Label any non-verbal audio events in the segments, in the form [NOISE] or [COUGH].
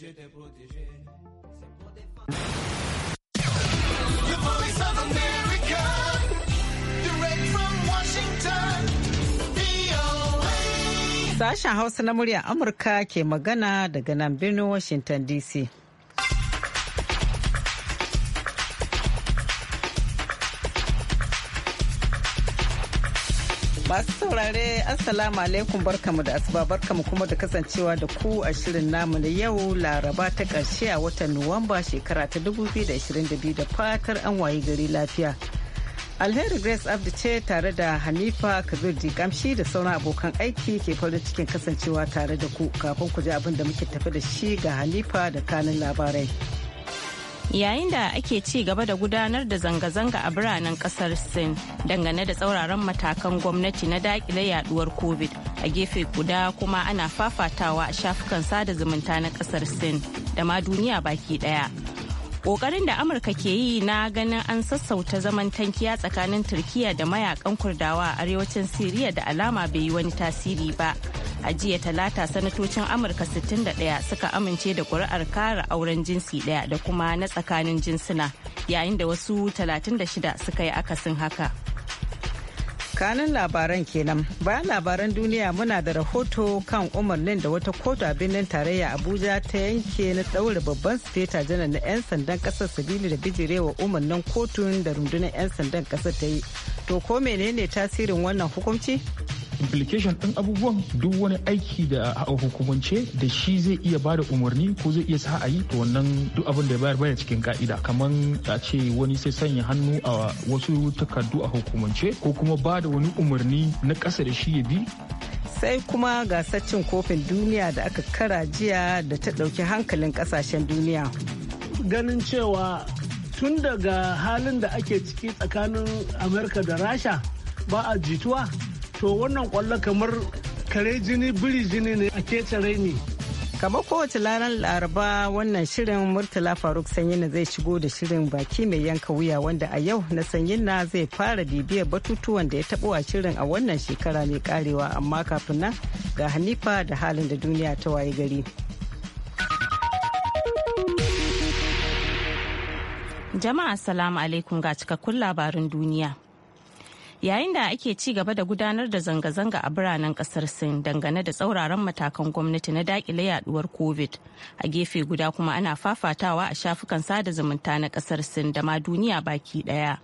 j'étais protégé. Sashen Hausa na murya Amurka ke magana daga nan birnin Washington DC. Masu saurare Assalamu alaikum barkamu da asuba barkamu kuma da kasancewa da ku a shirin namu na yau Laraba ta ƙarshe a watan Nuwamba shekara ta 2022 da fatar an wayi gari lafiya. Alheri Grace Abdi ce tare da Hanifa Kabir Dikamshi da sauran abokan aiki ke farin cikin kasancewa tare da ku kafin ku ji abin da muke tafi da shi ga Hanifa da kanin labarai. yayin da ake ci gaba da gudanar da zanga-zanga a biranen kasar sin dangane da tsauraran matakan gwamnati na dakile yaduwar covid a gefe guda kuma ana fafatawa a shafukan sada zumunta na kasar sin da ma duniya baki daya ƙoƙarin da amurka ke yi na ganin an sassauta zaman tankiya tsakanin turkiya da mayakan kurdawa a arewacin siriya da alama bai yi wani tasiri ba a jiya talata sanatocin amurka 61 suka amince da kuri'ar kara auren jinsi daya da kuma na tsakanin jinsuna yayin da wasu 36 suka yi akasin haka kanin labaran kenan bayan labaran duniya muna da rahoto kan umarnin da wata kotu a birnin tarayya abuja ta yanke na ɗaure babban sifeta janar na 'yan sandan ƙasar sabili da bijirewa umarnin kotun da rundunar 'yan sandan ƙasar ta yi to ko menene tasirin wannan hukunci implication ɗin abubuwan duk wani aiki da a hukumance da shi zai iya ba umarni ko zai iya sa a yi to wannan duk abin da ya bayar baya cikin ka'ida kamar a ce wani sai sanya hannu a wasu takardu a hukumance ko kuma bada wani umarni na kasa da shi ya bi sai kuma gasar cin kofin duniya da aka kara jiya da ta ɗauki hankalin ƙasashen duniya ganin cewa tun daga halin da ake ciki tsakanin amurka da rasha ba a jituwa to wannan kwallo kamar kare jini biri jini ne a ketare ne kamar kowace laran laraba wannan shirin murtala faruk sanyi na zai shigo da shirin baki mai yanka wuya wanda a yau na na zai fara bibiyar batutuwan da ya taɓo a shirin a wannan shekara mai karewa amma kafin nan ga hanifa da halin da duniya ta waye gari jama'a salamu alaikum ga cikakkun labarin duniya yayin da ake ci gaba da gudanar da zanga-zanga a biranen kasar sin dangane da tsauraran matakan gwamnati na dakile yaduwar covid a gefe guda kuma ana fafatawa a shafukan sada zumunta na kasar sin da ma duniya baki daya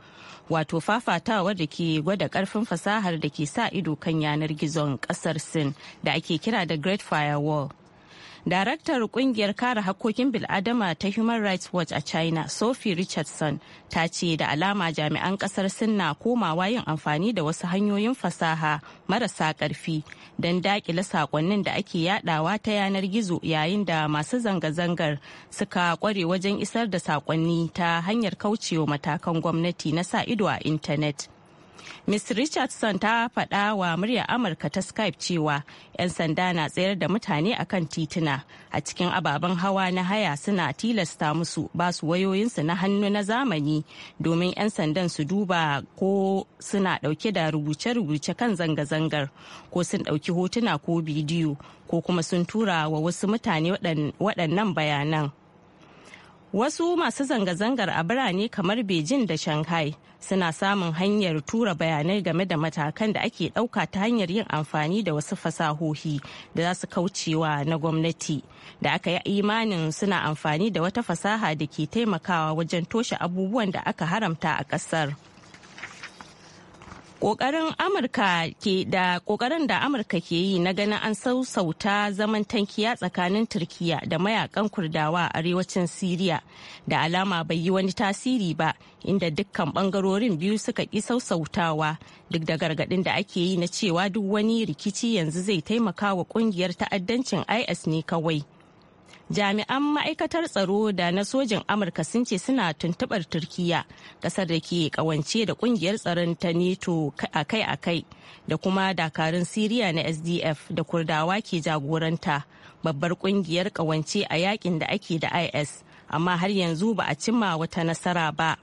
wato fafatawa da ke gwada karfin fasahar da ke sa ido kan yanar gizon kasar sin da ake kira da great firewall Daraktar kungiyar kare hakokin bil'adama ta Human Rights Watch a China, Sophie Richardson, ta ce da alama jami'an kasar sun na komawa yin amfani da wasu hanyoyin fasaha marasa ƙarfi don daƙile saƙonnin da ake yadawa ta yanar gizo yayin da masu zanga-zangar suka kware wajen isar da saƙonni ta hanyar kaucewa matakan gwamnati na sa ido a intanet. Ms. Richardson ta faɗa wa murya Amurka ta Skype cewa 'yan sanda na tsayar da mutane akan tituna a cikin ababen hawa na haya suna tilasta musu ba su wayoyinsu na hannu na zamani domin 'yan sandan su duba ko suna ɗauke da rubuce-rubuce kan zanga-zangar ko sun ɗauki hotuna ko bidiyo ko kuma sun tura wa wasu mutane waɗannan bayanan. Wasu masu zanga-zangar a birane kamar Beijing da Shanghai suna samun hanyar tura bayanai game da matakan da ake ɗauka ta hanyar yin amfani da wasu fasahohi da za su kaucewa na gwamnati da aka yi imanin suna amfani da wata fasaha da ke taimakawa wajen toshe abubuwan da aka haramta a ƙasar. kokarin amurka ke da kokarin da amurka ke yi na ganin an sausauta zaman tankiya tsakanin turkiya da mayakan kurdawa a arewacin siriya da alama bai yi wani tasiri ba inda dukkan bangarorin biyu suka ƙi sausautawa duk da gargadin da ake yi na cewa duk wani rikici yanzu zai taimaka wa ƙungiyar ta'addancin is ne kawai jami'an ma'aikatar tsaro da na sojin amurka sun ce suna tuntubar turkiya kasar da ke kawance da kungiyar tsaron ta neto akai-akai da kuma dakarun siriya na sdf da kurdawa ke jagoranta babbar kungiyar kawance a yakin da ake da is amma har yanzu ba a cimma wata nasara ba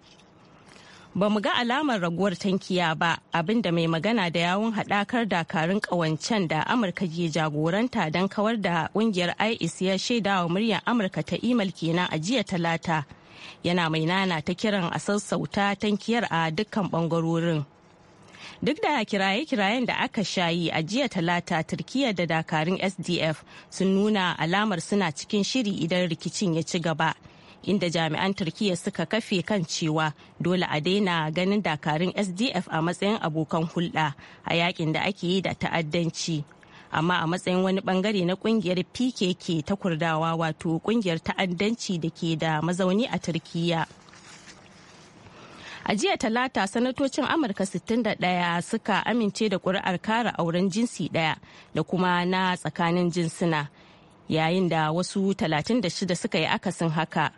ba mu ga alamar raguwar tankiya ba abinda mai magana da yawun haɗakar dakarun ƙawancen da amurka ke jagoranta don kawar da ƙungiyar is ya shaidawa muryar amurka ta imal kenan a jiya talata yana mai nana ta kiran a sassauta tankiyar a dukkan ɓangarorin duk da kiraye-kirayen da aka shayi a jiya talata turkiya da dakarun sdf sun nuna alamar suna cikin shiri idan rikicin ya ci gaba inda jami'an turkiyya suka kafe kan cewa dole a daina ganin dakarun sdf a matsayin abokan hulɗa a yakin da ake yi da ta'addanci amma a matsayin wani bangare na kungiyar pkk ta kurdawa wato kungiyar ta'addanci da ke da mazauni a turkiyya. a jiya talata sanatocin amurka 61 suka amince da kuri'ar kare auren jinsi daya da kuma na tsakanin jinsuna yayin da wasu 36 suka yi akasin haka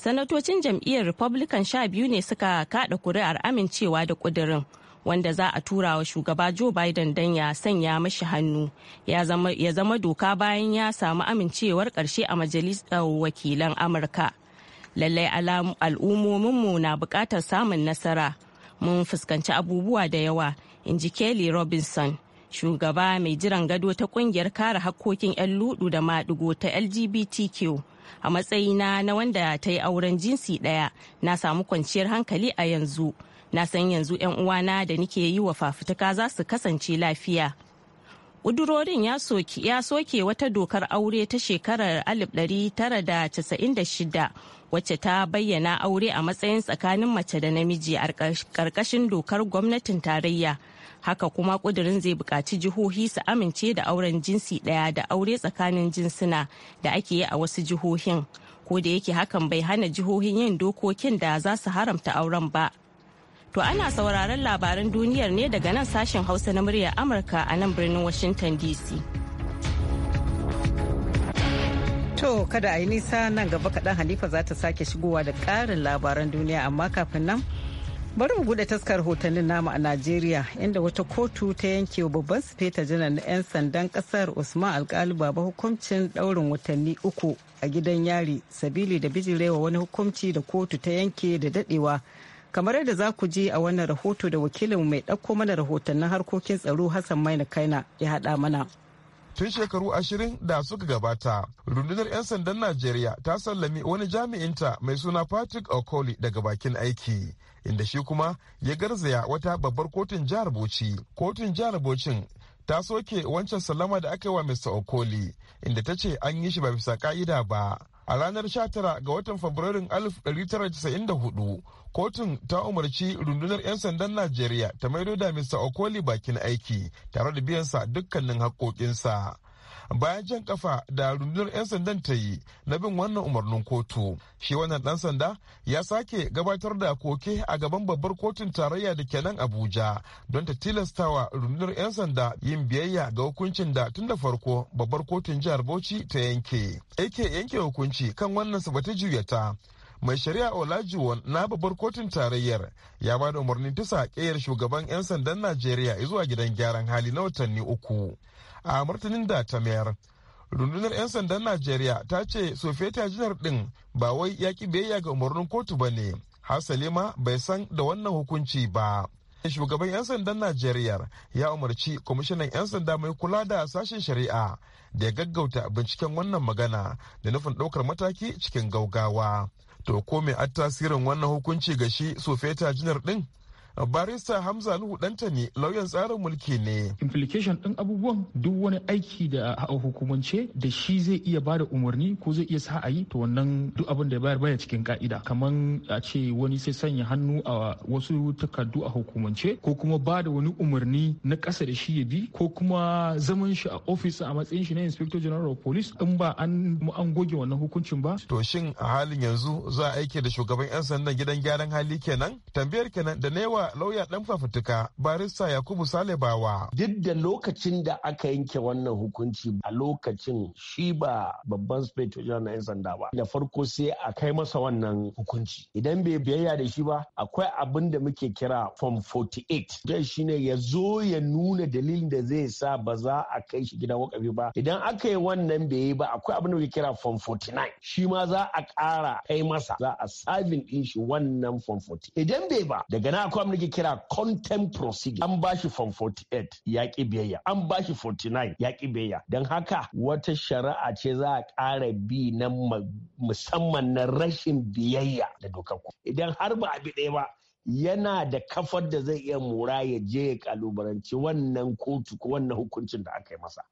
sanatocin jam'iyyar republican sha biyu ne suka kada kuri'ar amincewa da kudirin wanda za a tura wa shugaba joe biden don ya sanya mashi hannu ya zama doka bayan ya samu amincewar karshe a majalisar wakilan amurka lallai al'ummominmu na bukatar samun nasara mun fuskanci abubuwa da yawa in ji kelly robinson shugaba mai jiran gado ta kungiyar kare hakkokin 'yan ludu da maɗigo ta lgbtq a matsayina na wanda ta yi auren jinsi ɗaya na samu kwanciyar hankali a yanzu na san yanzu 'yan uwana da nike yi wa fafutuka za su kasance lafiya ƙudurorin ya soke wata dokar aure ta shekarar 1996 wacce ta bayyana aure a matsayin tsakanin mace da namiji a ƙarƙashin dokar gwamnatin tarayya haka kuma ƙudurin zai buƙaci jihohi su amince da auren jinsi ɗaya da aure tsakanin jinsuna da ake yi a wasu jihohin ko da yake hakan bai hana jihohin yin dokokin da za su haramta auren ba to ana sauraron labaran duniyar ne daga nan sashen hausa na muryar amurka a nan birnin washington dc To kada a yi nisa nan gaba kaɗan Hanifa za ta sake shigowa da ƙarin labaran duniya amma kafin nan bari mu buɗe taskar hotonin namu a Najeriya inda wata kotu ta yanke wa babban sufeta janar na 'yan sandan ƙasar Usman Alƙali Baba hukuncin ɗaurin watanni uku a gidan yari sabili da bijirewa wani hukunci da kotu ta yanke da daɗewa. Kamar yadda za ku ji a wannan rahoto da wakilin mai ɗauko mana rahotannin harkokin tsaro Hassan Maina Kaina ya haɗa mana. tun shekaru ashirin da suka gabata rundunar 'yan sandan najeriya ta sallami wani jami'inta mai suna patrick okoli daga bakin aiki inda shi kuma ya garzaya wata babbar kotun jihar bauchi kotun jihar bauchin ta soke wancan sallama da aka yi wa mr okoli inda ta ce an yi shi ba bisa ka'ida ba a ranar 19 ga watan fabrairun 1994 kotun ta umarci rundunar 'yan sandan najeriya ta maido da mista okoli bakin aiki tare da biyansa dukkanin haƙoƙinsa bayan jan kafa da rundunar 'yan sandan ta yi na bin wannan umarnin kotu shi wannan dan sanda ya sake gabatar da koke a gaban babbar kotun tarayya da kenan abuja don ta tilastawa rundunar 'yan sanda yin biyayya ga hukuncin da tun da farko babbar kotun jihar bauchi ta yanke ake yanke hukunci kan wannan sabata juyata mai shari'a olajuwon na babbar kotun tarayyar ya ba da umarnin tisa kayar shugaban 'yan sandan najeriya zuwa gidan gyaran hali na watanni uku a martanin da ta mayar rundunar 'yan sandan najeriya ta ce sofeta jinar din ba wai ya ki biyayya ga umarnin kotu ba ne har ma bai san da wannan hukunci ba shugaban 'yan sandan najeriya ya umarci kwamishinan 'yan sanda mai kula da sashen shari'a da ya gaggauta binciken wannan magana da nufin ɗaukar mataki cikin gaugawa to ko mai tasirin wannan hukunci ga shi sofeta jinar din barista hamza nuhu danta ne lauyan tsarin mulki ne implication din abubuwan duk wani aiki da a hukumance da shi zai iya bada umarni ko zai iya sa a yi to wannan duk abin da bayar baya cikin ka'ida kamar a ce wani sai sanya hannu a wasu takardu a hukumance ko kuma bada wani umarni na ƙasa da shi ya bi ko kuma zaman shi a ofis a matsayin shi na inspector general of police in ba an an goge wannan hukuncin ba to shin a halin yanzu za a aike da shugaban 'yan sandan gidan gyaran hali kenan tambayar kenan da na wa lauya dan fafutuka barista Yakubu Salebawa. Duk da lokacin da aka yanke wannan hukunci a lokacin shi ba babban speto na 'yan sanda ba. Da farko sai a kai masa wannan hukunci. Idan bai biyayya da shi ba akwai abin da muke kira form 48. shi shine ya zo ya nuna dalilin da zai sa ba za a kai shi gidan wakafi ba. Idan aka yi wannan bai yi ba akwai abin da muke kira form 49. Shi ma za a ƙara kai masa za a sabin ɗin shi wannan form 40. Idan bai ba daga na akwai abin kira contempt procedure an bashi form 48 ya ki biyayya an bashi 49 ya ki biyayya don haka wata shari'a ce za a ƙara bi na musamman na rashin biyayya da dokakku idan har ba a bi ɗaya ba yana da kafar da zai iya mura ya je ya kalubalanci wannan kotu ko wannan hukuncin da aka yi masa.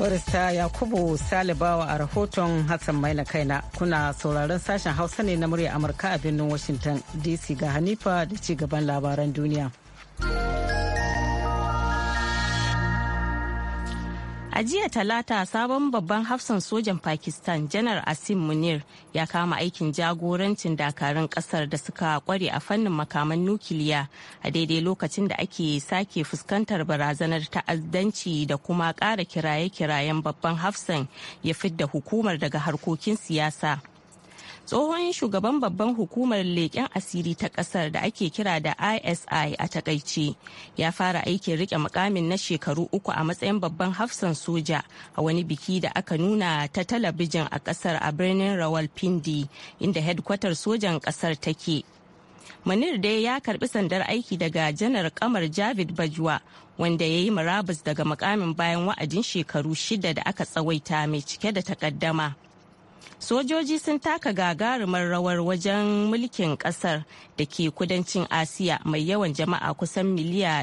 barista yakubu salibawa a rahoton hassan maina kaina kuna sauraron sashen hausa ne na murya amurka a birnin washington dc ga hanifa da ci gaban labaran duniya. A jiya talata sabon babban hafsan sojan Pakistan janar Asim Munir ya kama aikin jagorancin dakarun kasar da suka kware a fannin makaman nukiliya a daidai lokacin da ake sake fuskantar barazanar ta'addanci da kuma kara kiraye-kirayen babban hafsan ya fidda hukumar daga harkokin siyasa. tsohon shugaban babban hukumar leƙen asiri ta ƙasar da ake kira da isi a takaice ya fara aikin rike mukamin na shekaru uku a matsayin babban hafsan soja a wani biki da aka nuna ta talabijin a ƙasar a birnin rawalpindi inda hedkwatar sojan ƙasar take manir dai ya karbi sandar aiki daga janar kamar javid bajwa wanda ya yi murabus daga mukamin bayan wa'adin shekaru shida da aka tsawaita mai cike da takaddama. sojoji sun taka gagarumar rawar wajen mulkin kasar da ke kudancin asiya mai yawan jama'a kusan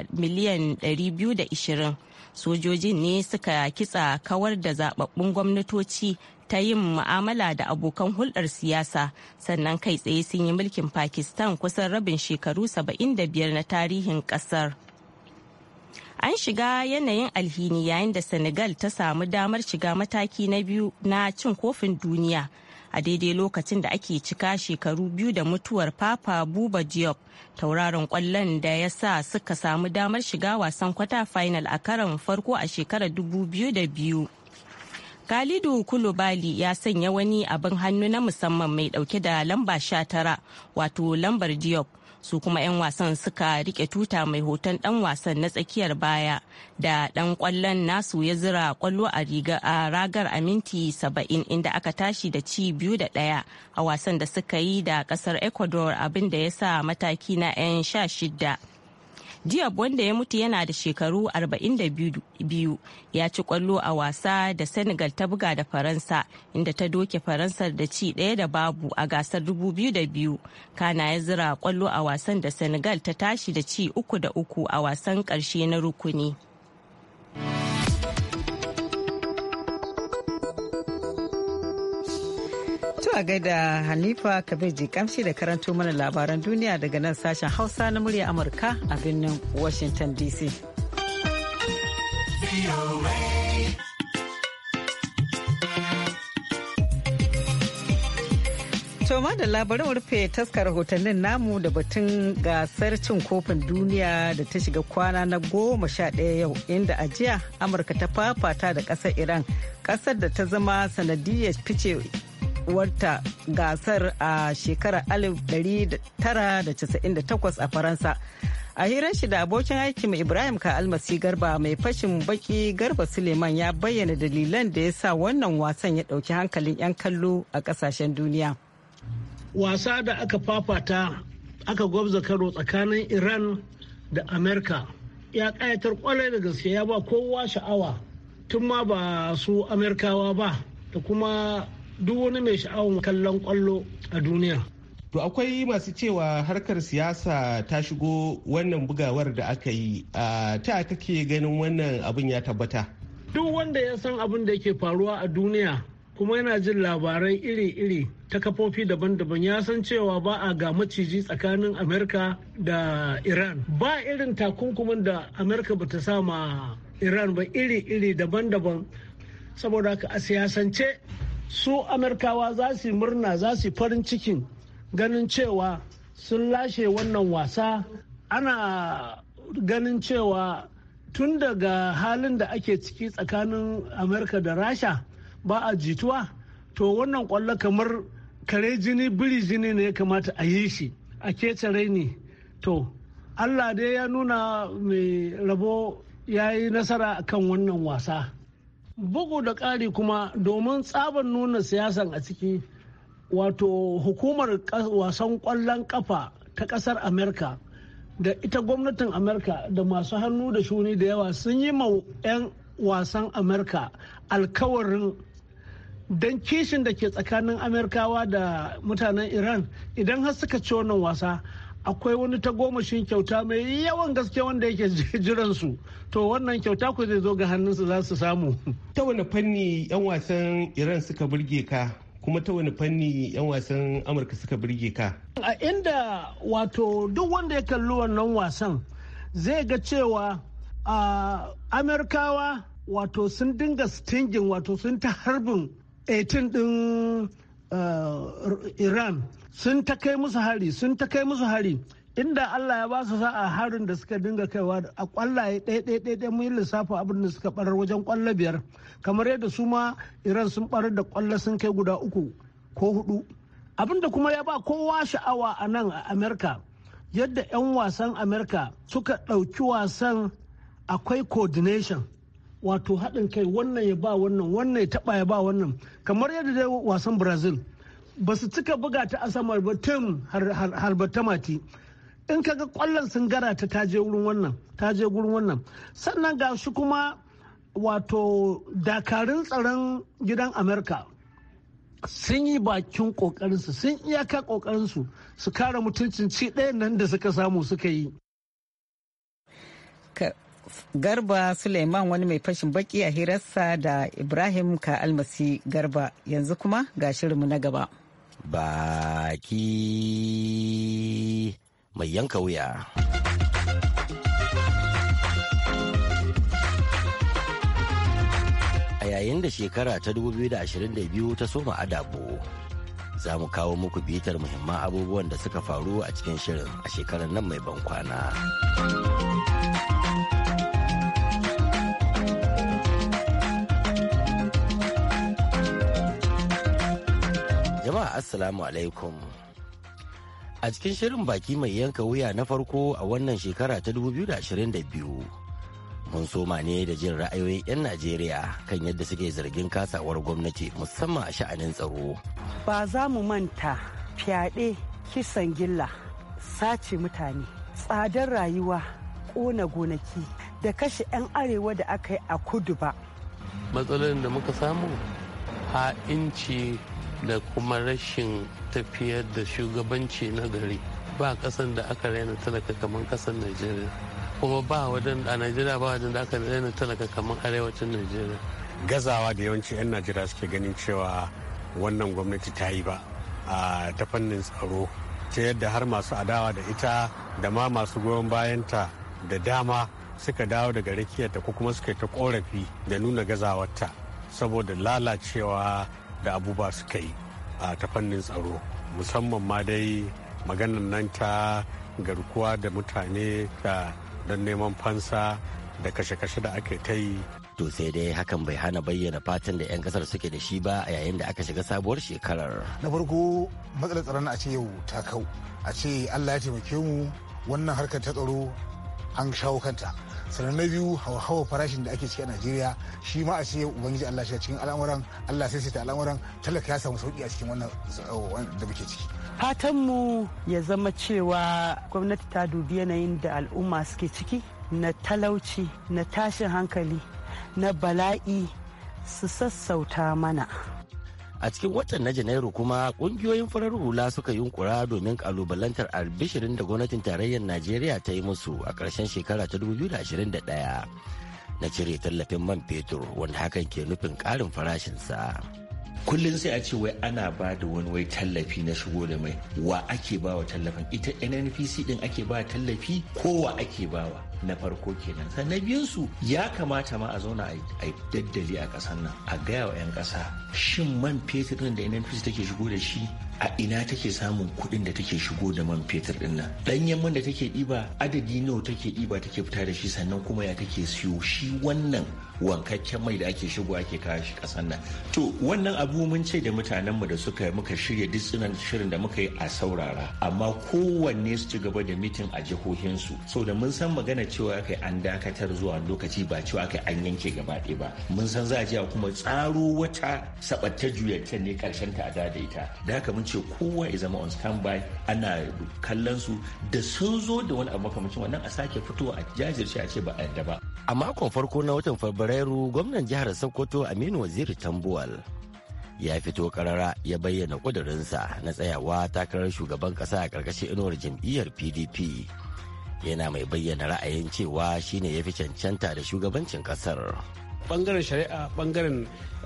miliyan 220 sojojin ne suka kitsa kawar da zababbun gwamnatoci ta yin mu'amala da abokan hulɗar siyasa sannan kai tsaye sun yi mulkin pakistan kusan rabin shekaru 75 na tarihin ƙasar. an shiga yanayin alhini yayin da senegal ta samu damar shiga mataki na biyu na cin kofin duniya a daidai lokacin da ake cika shekaru biyu da mutuwar papa buba diop tauraron kwallon da ya sa suka samu damar shiga wasan kwata final a karon farko a shekarar biyu. Kalidu Kulubali ya sanya wani abin hannu na musamman mai dauke da lamba 19 wato lambar Diop su kuma 'yan wasan suka rike tuta mai hoton dan wasan na tsakiyar baya da dan kwallon nasu ya zira kwallo a ragar a minti 70 inda aka tashi da ci biyu da daya a wasan da suka yi da kasar ecuador abinda ya sa mataki na 'yan sha shida Diop wanda ya mutu yana da shekaru 42 ya ci kwallo a wasa da Senegal ta buga da Faransa inda ta doke Faransa da ci ɗaya da babu a gasar 2002. Kana ya zira kwallo a wasan da Senegal ta tashi da ci uku da uku a wasan ƙarshe na rukuni. a gaida Hanifa Kabir Jikamshi da karanto mana labaran duniya daga nan sashen Hausa na murya Amurka a birnin Washington DC. Toma da labarin rufe taskar rahotannin namu da batun gasar cin kofin duniya da ta shiga kwana na goma sha ɗaya yau inda a jiya Amurka ta fafata da ƙasar Iran ƙasar da ta zama sanadiyar fice uwarta gasar a shekarar 1998 a faransa a hirar shi da abokin mai ibrahim ka almasi garba mai fashin baki garba suleiman ya bayyana dalilan da ya sa wannan wasan ya dauki hankalin 'yan kallo a kasashen duniya wasa da aka fafata aka gwabza karo tsakanin iran da amerika ya kayatar kwarai da gaske ya ba kowa sha'awa tun ma ba su amerikawa ba da kuma duk wani mai sha'awar kallon kwallo a duniya To akwai masu cewa harkar siyasa ta shigo wannan bugawar da aka yi a ta kake ganin wannan abin ya tabbata. Duk wanda ya san abin da yake faruwa a duniya kuma yana jin labarai iri-iri ta kafofi daban-daban ya san cewa ba a ga maciji tsakanin Amerika da Iran. Ba irin takunkumin da Amerika ba ta sama Iran ba iri-iri daban-daban saboda haka a siyasance su amurkawa za su murna za su farin cikin ganin cewa sun lashe wannan wasa ana ganin cewa tun daga halin da ake ciki tsakanin amurka da rasha ba a jituwa to wannan kwallo kamar kare jini biri jini ne ya kamata a yi shi a kece ne to allah dai ya nuna mai rabo ya yi nasara kan wannan wasa bugu da ƙari kuma domin tsaban nuna siyasan a ciki wato hukumar wasan ƙwallon ƙafa ta ƙasar amerika da ita gwamnatin amerika da masu hannu da shuni da yawa sun yi ma 'yan wasan amerika alkawarin don kishin da ke tsakanin amerikawa da mutanen iran idan har suka ci wannan wasa akwai wani tagomashin kyauta mai yawan gaske wanda yake [LAUGHS] jiran su to wannan kyauta ku zai zo ga hannunsu za su samu ta wani fanni yan wasan iran suka burge ka kuma ta wani fanni yan wasan amurka suka burge ka a inda wato duk wanda ya kalli wannan wasan zai ga cewa a amurkawa wato sun dinga stingin wato sun ta harbin 18 din eh, iran sun ta kai musu hari sun ta kai musu hari inda Allah ya ba su sa'a harin da suka dinga kaiwa a kwallaye ɗaya ɗaya ɗaya ɗaya mun lissafa abin da suka barar wajen kwallo biyar kamar yadda su ma Iran sun barar da kwallo sun kai guda uku ko hudu abin da kuma ya ba kowa sha'awa a nan a Amerika yadda 'yan wasan Amerika suka ɗauki wasan akwai coordination wato haɗin kai wannan ya ba wannan wannan ya taɓa ya ba wannan kamar yadda dai wasan Brazil ba su cika buga ta a samar ba tun har ba ta mati in kaga kwallon sun gara ta taje wurin wannan taje gurin wannan sannan ga shi kuma wato dakarun tsaron gidan amerika sun yi bakin kokarinsu sun iyaka kokarinsu su kare mutuncin ci ɗaya nan da suka samu suka yi garba suleiman wani mai fashin baki a hirarsa da ibrahim ka almasi garba yanzu kuma ga shirinmu na gaba baki mai yanka wuya. A yayin da shekara ta 2022 ta soma adabu za mu kawo muku bitar muhimman abubuwan da suka faru a cikin shirin a shekarar nan mai ban kwana. assalamu alaikum a cikin shirin baki mai yanka wuya na farko a wannan shekara ta 2022 mun soma ne da jin ra'ayoyin 'yan najeriya kan yadda suke zargin kasawar gwamnati musamman a sha'anin tsaro ba za mu manta fyaɗe kisan gilla sace mutane tsadar rayuwa ƙona gonaki da kashe 'yan arewa da aka yi a kudu ba matsalolin da muka samu ha'inci da kuma rashin tafiyar da shugabanci na gari ba kasan da aka raina talaka kamar kasan najeriya kuma ba wajen a najeriya ba wajen da aka raina talaka kamar arewacin najeriya gazawa da yawanci 'yan najeriya suke ganin cewa wannan gwamnati ta yi ba a ta fannin tsaro ta yadda har masu adawa da ita da ma masu goyon bayanta da dama suka dawo daga rakiyarta ko kuma suka ta korafi da nuna gazawarta saboda lalacewa da abubuwa suka yi a ta fannin tsaro musamman ma dai maganar nan ta garkuwa da mutane da don neman fansa da kashe-kashe da ake ta yi to sai dai hakan bai hana bayyana fatan da 'yan kasar suke da shi ba a yayin da aka shiga sabuwar shekarar na farko matsalar tsaron a ce yau ta kau a ce allah ya taimake mu wannan harkar ta tsaro an shawo kanta sannan na biyu hawa farashin da ake ciki a najeriya shi ma a ce ubangiji allah shi cikin al'amuran allah sai ta al'amuran talaka ya samu sauki a cikin wannan da muke ciki fatanmu ya zama cewa gwamnati ta dubi yanayin da al'umma suke ciki na talauci na tashin hankali na bala'i su sassauta mana a cikin watan na janairu kuma kungiyoyin farar hula suka yunkura domin kalubalantar albishirin da gwamnatin tarayyar najeriya ta yi musu a ƙarshen shekara ta 2021 na cire tallafin man fetur wanda hakan ke nufin ƙarin farashinsa kullum sai a ce wai ana ba da wani wai tallafi na shigo da mai wa ake ba wa tallafin ita nnpc din ake ba tallafi ko wa ake bawa. na farko kenan biyun su ya kamata ma a zauna a daddali a ƙasar nan a gaya wa 'yan ƙasa shin man fetur da fitu take shigo da shi a ina take samun kuɗin da take shigo da man fetur din nan ɗanyen man da take ɗiba adadi nawa take ɗiba take fita da shi sannan kuma ya take siyo shi wannan wankakken mai da ake shigo ake kawo shi kasan nan to wannan abu mun ce da mutanenmu da suka muka shirya duk shirin da muka yi a saurara amma kowanne su ci gaba da mitin a jihohinsu so da mun san magana cewa kai an dakatar zuwa lokaci ba cewa aka an yanke gaba ba mun san za a kuma tsaro wata sabatta juyatta ne karshen ta a daidaita da haka mun ce kowa ya zama on standby ana kallon su da sun zo da wani abu makamacin wannan a sake fitowa a jajirce a ce ba a yadda ba a makon farko na watan fabrairu gwamnan jihar sokoto aminu waziri tambuwal ya fito karara ya bayyana kudurinsa na tsayawa takarar shugaban kasa a karkashin inuwar jam'iyyar pdp yana mai bayyana ra'ayin cewa shine ya fi cancanta da shugabancin kasar bangaren shari'a bangaren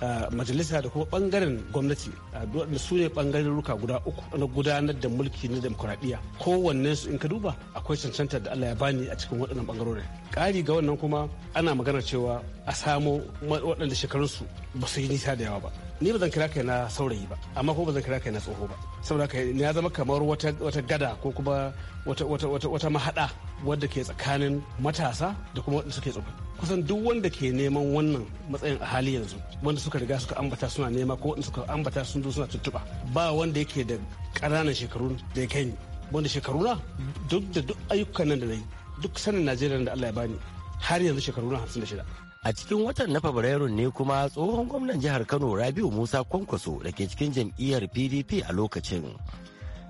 ah, majalisa da kuma bangaren gwamnati ah, da su ne bangaren ruka guda uku na gudanar da mulki na demokuraɗiyya kowanne su in ka duba akwai cancanta da Allah ya bani a cikin waɗannan bangarorin ƙari ga wannan kuma ana magana cewa a samo waɗanda shekarunsu ba su yi nisa da yawa ba ni ba zan kira kai na saurayi ba amma ko ba zan kira kai na tsoho ba saboda kai ya zama kamar wata gada ko kuma wata wata wata wata wadda ke tsakanin matasa da kuma waɗanda suke tsofaffi kusan duk wanda ke neman wannan matsayin a hali yanzu wanda suka riga suka ambata suna nema ko wanda suka ambata sun zo suna tuttuba ba wanda yake da ƙananan shekaru da ya kai ni wanda shekaruna duk da duk ayyukan nan da na yi duk sanin najeriya da allah ya bani har yanzu na hamsin da shida a cikin watan na fabrairu ne kuma tsohon gwamnan jihar kano rabiu musa kwankwaso da ke cikin jam'iyyar pdp a lokacin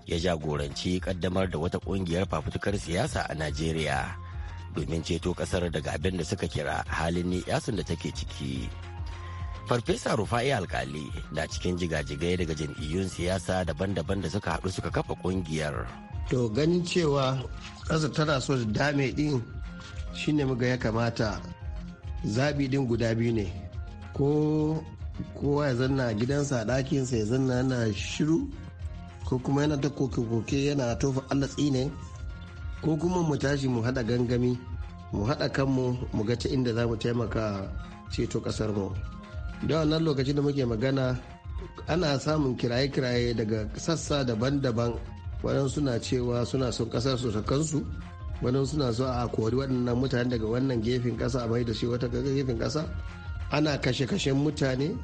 ya jagoranci kaddamar da wata kungiyar fafutukar siyasa a najeriya domin ceto kasar daga abin da suka kira halin ni yasin da take ciki farfesa rufa'i alkali na cikin jigajigai daga jam'iyyun siyasa daban-daban da suka haɗu suka kafa ƙungiyar. to ganin cewa ƙasa tana so da dame ɗin shine muga ya kamata zaɓi ɗin guda biyu ne ko kowa ya zanna gidansa a ɗakinsa ya zanna yana shiru ko kuma yana ta koke-koke yana tofa allah tsine ko kuma mu tashi mu haɗa gangami mu haɗa kanmu mu ga ta inda za mu taimaka ceto kasar mu da wannan lokacin da muke magana ana samun kiraye-kiraye daga sassa daban-daban wadan suna cewa suna son kasar su ta kansu wadan suna so a kori waɗannan mutane daga wannan gefen ƙasa a mai da shi wata gefen ƙasa ana kashe-kashen mutane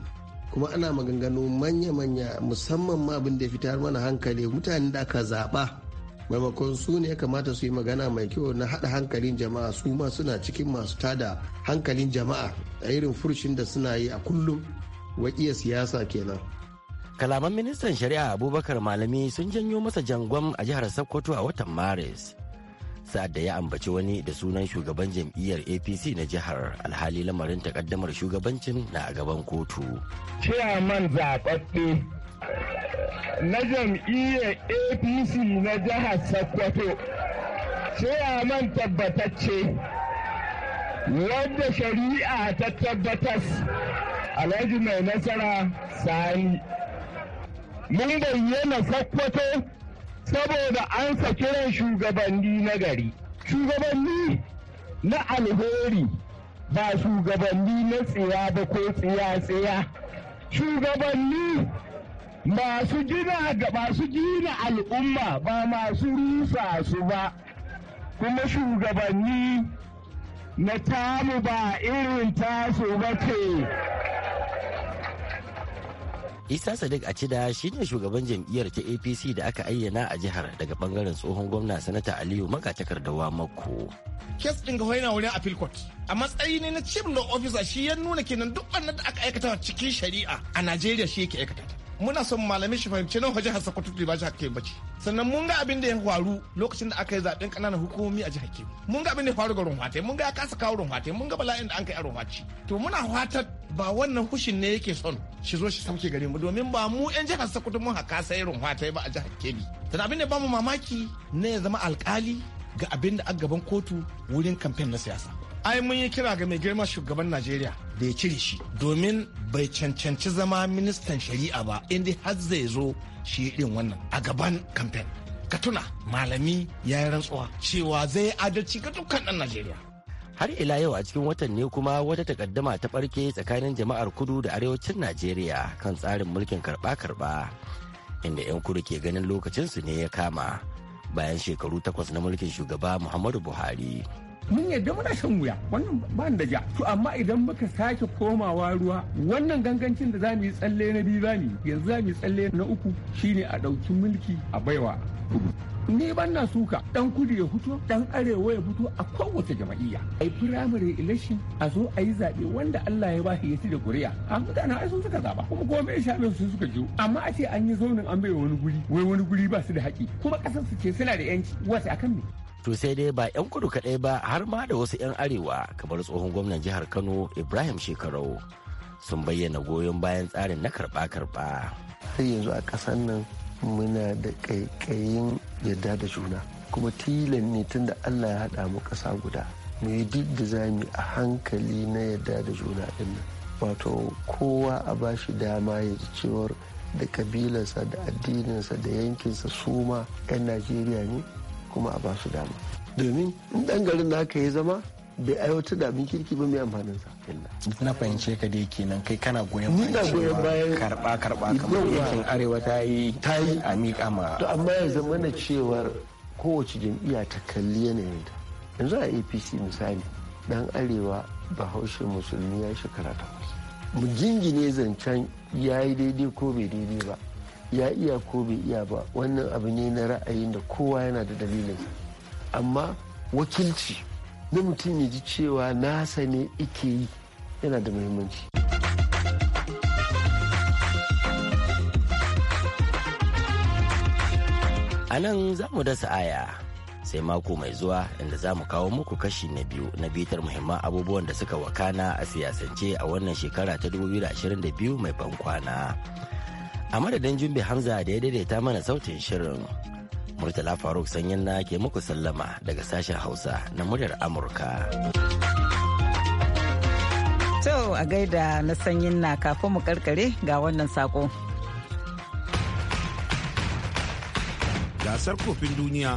kuma ana maganganu manya-manya musamman ma abin da ya fitar mana hankali mutanen da aka zaɓa maimakon su ne ya kamata su yi magana mai kyau na hada hankalin jama'a su ma suna cikin masu tada hankalin jama'a a irin furshin da suna yi a kullum waƙiya siyasa kenan kalaman ministan shari'a abubakar malami sun janyo masa jangon a jihar sokoto a watan maris sa'ad da ya ambaci wani da sunan shugaban jam'iyyar apc na jihar alhali lamarin takaddamar shugabancin na a gaban kotu ciyaman zaɓaɓɓe na jam'iyyar apc na jihar sokoto ciyaman tabbatacce wadda shari'a ta tabbatas alhaji mai nasara sani mun bayyana sokoto saboda an kiran shugabanni na gari shugabanni na alheri ba shugabanni na tsiya ba ko tsiya-tsiya shugabanni masu gina ga masu gina al'umma ba masu rusa su ba kuma shugabanni na tamu ba irin tasu ba ce isa sadiq acida shine shugaban jam'iyyar ta apc da aka ayyana a jihar daga bangaren tsohon gwamna sanata aliyu magatakardawa mako kes ɗin ga yana wurin appeal court a matsayi ne na chief law officer shi ya nuna kenan duk wannan da aka aikata cikin shari'a a najeriya shi yake aikata muna son malamai shi fahimci nan jihar kwatutu ba jihar Kebbi bace sannan mun ga abin da ya faru lokacin da aka yi zaben kananan hukumomi a jihar Kebbi mun ga abin da ya faru ga Runwatai mun ga ya kasa kawo Runwatai mun ga bala'in da an kai a Runwaci to muna fatar ba wannan hushin ne yake son shi zo shi sauke gare mu domin ba mu yan jihar Sokoto mun haka sai Runwatai ba a jihar Kebbi sannan abin da ba mu mamaki ne ya zama alkali ga abin da gaban kotu wurin kamfen na siyasa ai mun yi kira ga mai girma shugaban Najeriya da ya cire shi domin bai cancanci zama ministan shari'a ba inda har zai zo shi din wannan a gaban kamfen ka malami ya yi rantsuwa cewa zai adalci ga dukkan dan najeriya har ila yau a cikin watan ne kuma wata takaddama ta barke tsakanin jama'ar kudu da arewacin najeriya kan tsarin mulkin karba-karba inda 'yan kudu ke ganin lokacinsu ne ya kama bayan shekaru takwas na mulkin shugaba muhammadu buhari mun yadda muna shan wuya wannan ba da ja to amma idan muka sake komawa ruwa wannan gangancin da zamu yi tsalle na biyu zamu yanzu zamu yi tsalle na uku shine a ɗauki mulki a baiwa kudu ni ban na suka dan kudu ya fito dan arewa ya fito a kowace jama'iyya ai primary election a zo a yi zaɓe wanda Allah ya bashi ya ci da kuri'a a mutane ai sun suka zaba kuma kuma mai shaɓe su suka jiyo amma a ce an yi zaunin an bai wani guri wai wani guri ba su da haƙi kuma ƙasar su ce suna da yanci wasu akan me to sai dai ba 'yan kudu kaɗai ba har ma da wasu 'yan arewa kamar tsohon gwamnan jihar kano ibrahim shekarau sun bayyana goyon bayan tsarin na karɓa-karɓa har yanzu a ƙasar nan muna da ƙaiƙayin yadda da juna kuma tilan ne da allah ya haɗa mu ƙasa guda mu yi duk da za mu a hankali na yadda da juna ɗin nan wato kowa a ba shi dama ya ji cewar da kabilarsa da addininsa da yankinsa su ma 'yan najeriya ne kuma a ba su dama domin in dan garin da aka yi zama bai aiwata da abin kirki ba mai amfanin sa na fahimce ka dai kenan kai kana goyon bayan karba karba kamar yankin arewa ta yi ta yi a miƙa ma to amma ya zama na cewar kowace jam'iyya ta kalli yanayin ta yanzu a apc misali dan arewa bahaushe musulmi ya shekara takwas mu gingine zancen ya yi daidai ko bai daidai ba ya iya ko bai iya ba wannan abu ne na ra'ayin da kowa yana da dalilin amma wakilci na mutum ya ji cewa nasa ne ike yi yana da muhimmanci a nan za mu dasa aya sai mako mai zuwa inda za mu kawo muku kashi na biyu na bitar muhimman abubuwan da suka wakana a siyasance a wannan shekara ta 2022 mai bankwana. kwana. a madadin jumbe hamza da ya daidaita mana sautin shirin murtala faruk sanyin na ke muku sallama daga sashen hausa na muryar amurka to a gaida na sanyin na kafin mu karkare ga wannan sako gasar kofin duniya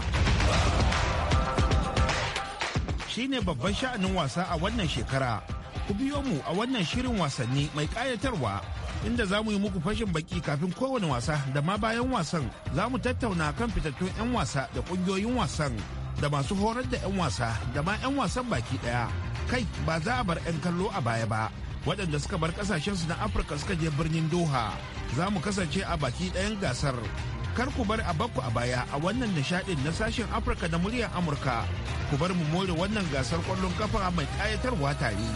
shine babban sha'anin wasa a wannan shekara ku biyo mu a wannan shirin wasanni mai ƙayatarwa inda za mu yi muku fashin baki kafin kowane wasa da ma bayan wasan za mu tattauna kan fitattun 'yan wasa da kungiyoyin wasan da masu horar da 'yan wasa da ma 'yan wasan baki daya kai ba za a bar 'yan kallo a baya ba waɗanda suka bar su na afirka suka je birnin doha za mu kasance a baki ɗayan gasar kar ku bar a bakku a baya a wannan nishaɗin na sashen afirka da muryar amurka ku bar mu more wannan gasar kwallon kafa mai ƙayatarwa tare.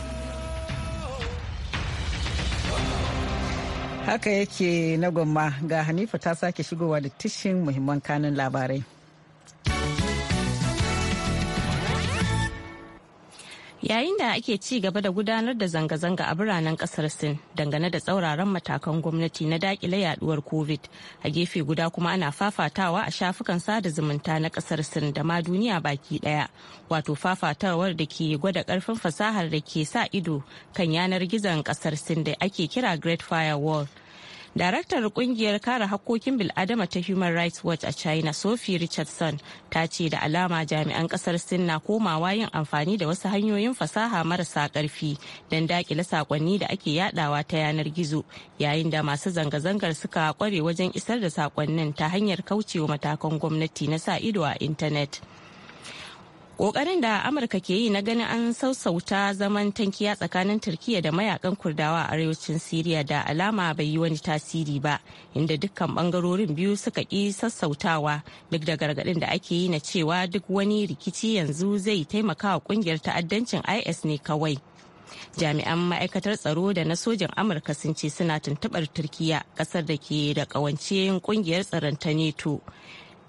haka yake na gwamma ga hanifa ta sake shigowa da tishin muhimman kanin labarai yayin da ake ci gaba da gudanar da zanga-zanga a biranen kasar sin dangane da tsauraran matakan gwamnati na dakile yaduwar covid a gefe guda kuma ana fafatawa a shafukan sada zumunta na kasar sin da ma duniya baki daya wato fafatawar da ke gwada karfin fasahar da ke sa ido kan yanar gizon kasar sin da ake kira great firewall Daraktar kungiyar kare hakkokin bil'adama ta Human Rights Watch a China, Sophie Richardson, ta ce da alama jami'an kasar Sin na komawa yin amfani da wasu hanyoyin fasaha marasa karfi don dakile sakonni da ake yadawa ta yanar gizo, yayin da masu zanga-zangar suka kware wajen isar da sakonnin ta hanyar kaucewa matakan gwamnati na sa ido a intanet. Ƙoƙarin da Amurka ke yi na ganin an sausauta zaman tankiya tsakanin Turkiyya da mayakan Kurdawa a arewacin Siriya da alama bai yi wani tasiri ba, inda dukkan bangarorin biyu suka ƙi sassautawa duk da gargaɗin da ake yi na cewa duk wani rikici yanzu zai taimaka wa ƙungiyar ta'addancin IS ne kawai. Jami'an ma'aikatar tsaro da na sojin Amurka sun ce suna tuntuɓar Turkiyya ƙasar da ke da yin ƙungiyar tsaron ta NATO.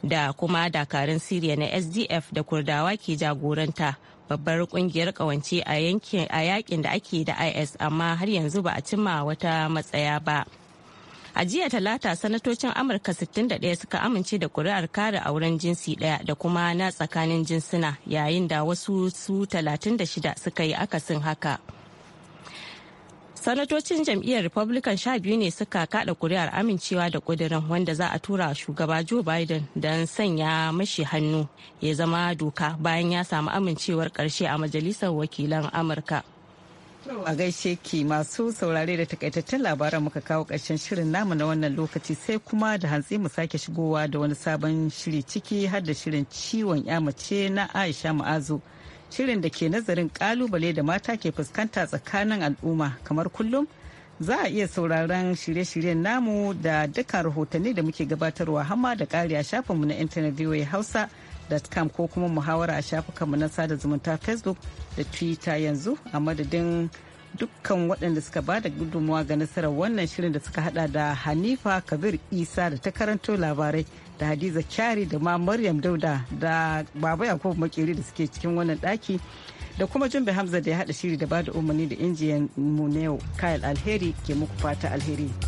da kuma dakarun siriya na sdf da kurdawa ke jagoranta babbar kungiyar kawance a yakin da ake da is amma har yanzu ba a cimma wata matsaya ba a jiya talata sanatocin amurka 61 suka amince da kuri'ar kare auren jinsi daya da kuma na tsakanin jinsuna yayin da wasu su 36 suka yi akasin haka sanatocin jam'iyyar republican sha biyu ne suka kada kuri'ar amincewa da kudirin wanda za a tura shugaba joe biden don sanya mashi hannu ya zama doka bayan ya samu amincewar karshe a majalisar wakilan amurka a gaishe ki masu saurare da takaitattun labaran muka kawo ƙarshen shirin namu na wannan lokaci sai kuma da hantsi mu sake shigowa da wani sabon shiri ciki har da shirin ciwon mace na aisha ma'azu. shirin da ke nazarin kalubale da mata ke fuskanta tsakanin al'umma kamar kullum za a iya sauraron shirye-shiryen namu da dukkan rahotanni da muke gabatarwa hama da kari a shafinmu na intanet hausa hausa.com ko kuma muhawara a shafukanmu na sada zumunta facebook da twitter yanzu a madadin dukkan waɗanda suka ba da gudunmawa ga nasarar wannan shirin da suka hada da hanifa kabir isa da ta karanto labarai da hadiza kyari da ma maryam dauda da baba yakubu makeri da suke cikin wannan daki da kuma jumbe hamza da ya haɗa shiri da bada umarni da injiyan mu na yau kyle alheri ke muku fata alheri